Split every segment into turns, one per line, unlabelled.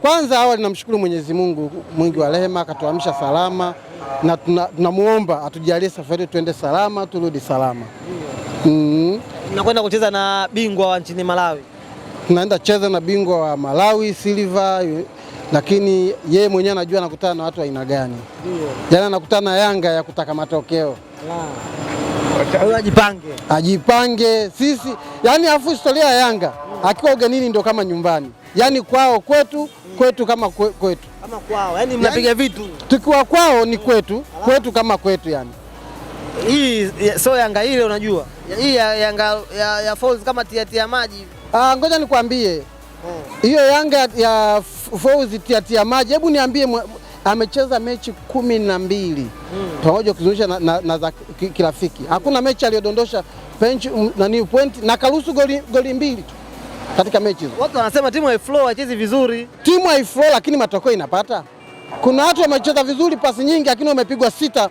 Kwanza awali namshukuru Mwenyezi Mungu mwingi wa rehema, akatuamsha salama na tunamwomba atujalie safari tuende salama turudi salama.
Mm. kucheza na bingwa wa nchini Malawi,
tunaenda kucheza na bingwa wa Malawi Silver, lakini yeye mwenyewe anajua anakutana na watu aina gani. Jana yaani anakutana na Yanga ya kutaka matokeo. Ah ajipange, ajipange sisi. Yani afu historia ya Yanga akiwa ugenini ndo kama nyumbani, yani kwao kwetu, kwetu kama kwetu
kama kwao, yani mnapiga vitu
tukiwa kwao ni kwetu, kwetu kama kwetu yani
hii sio Yanga ile, unajua hii ya, Yanga ya, ya Falls kama tiatia maji.
Ah, ngoja nikwambie oh. hiyo Yanga ya Falls tiatia maji. Hebu niambie amecheza mechi kumi na mbili mm. pamoja kuzungusha na, na, na za kirafiki hakuna mm. mechi aliyodondosha penchi mm, nani point na karuhusu goli, goli mbili tu katika mechi hizo.
Watu wanasema timu flow haichezi vizuri,
timu flow, lakini matokeo inapata. Kuna watu wamecheza vizuri pasi nyingi lakini wamepigwa sita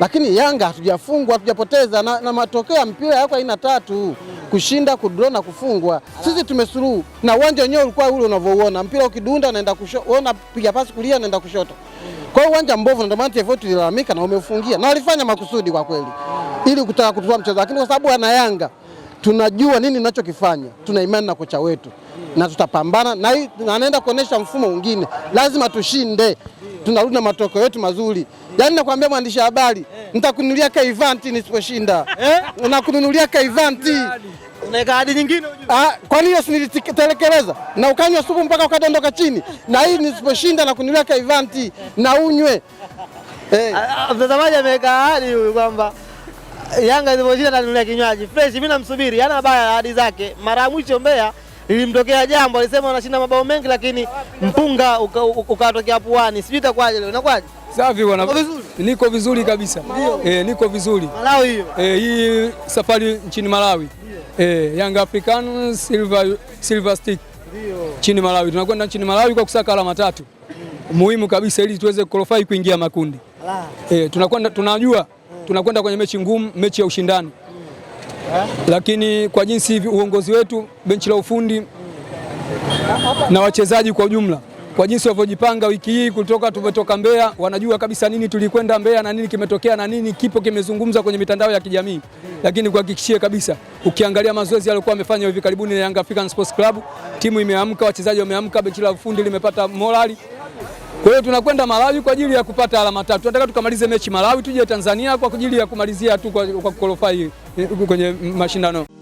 lakini Yanga hatujafungwa, hatujapoteza na, na matokeo ya mpira yako aina tatu: kushinda, kudro na kufungwa. Sisi tumesuruhu na uwanja wenyewe ulikuwa ule unavyouona, mpira ukidunda unaenda kushoto, unapiga pasi kulia unaenda kushoto. Kwa hiyo uwanja mbovu, ndio maana TFF tulilalamika na umefungia, na walifanya makusudi kwa kweli, ili kutaka kutoa mchezo, lakini kwa sababu ana Yanga tunajua nini nachokifanya tuna imani na kocha wetu na tutapambana na anaenda kuonesha mfumo mwingine, lazima tushinde tunarudi na matokeo yetu mazuri. Yaani nakwambia mwandishi habari, nitakununulia kaivanti nisiposhinda eh? nakununulia kaivanti
Unaweka hadi nyingine
ah, kwani nini usinitelekeleza? na ukanywa supu mpaka ukadondoka chini, na hii nisiposhinda na kununulia kaivanti na unywe.
Eh. Ah, ah, mtazamaji ameweka hadi huyu kwamba Yanga isiposhinda atanunulia kinywaji fresh. Mimi namsubiri, yana baya ahadi zake. Mara ya mwisho Mbeya ilimtokea jambo, alisema anashinda mabao mengi, lakini mpunga ukatokea puani. Sijui itakuwaje leo, inakuwaje?
Safi bwana, niko vizuri kabisa e, niko eh, vizuri Malawi e, hii safari nchini Malawi e, Young African Silver, Silver Stick nchini Malawi, tunakwenda nchini Malawi kwa kusaka alama tatu muhimu kabisa ili tuweze qualify kuingia makundi e, tunakwenda tunajua tunakwenda kwenye mechi ngumu, mechi ya ushindani lakini kwa jinsi uongozi wetu, benchi la ufundi na wachezaji kwa ujumla, kwa jinsi walivyojipanga wiki hii, kutoka tumetoka Mbeya, wanajua kabisa nini tulikwenda Mbeya na nini kimetokea na nini kipo kimezungumza kwenye mitandao ya kijamii. Lakini kuhakikishie kabisa, ukiangalia mazoezi yaliokuwa amefanya hivi karibuni na Young African Sports Club, timu imeamka, wachezaji wameamka, benchi la ufundi limepata morali kwa hiyo tunakwenda Malawi kwa ajili ya kupata alama tatu. Tunataka tukamalize mechi Malawi, tuje Tanzania kwa ajili ya kumalizia tu kwa, kwa kukolofai eh, kwenye mashindano.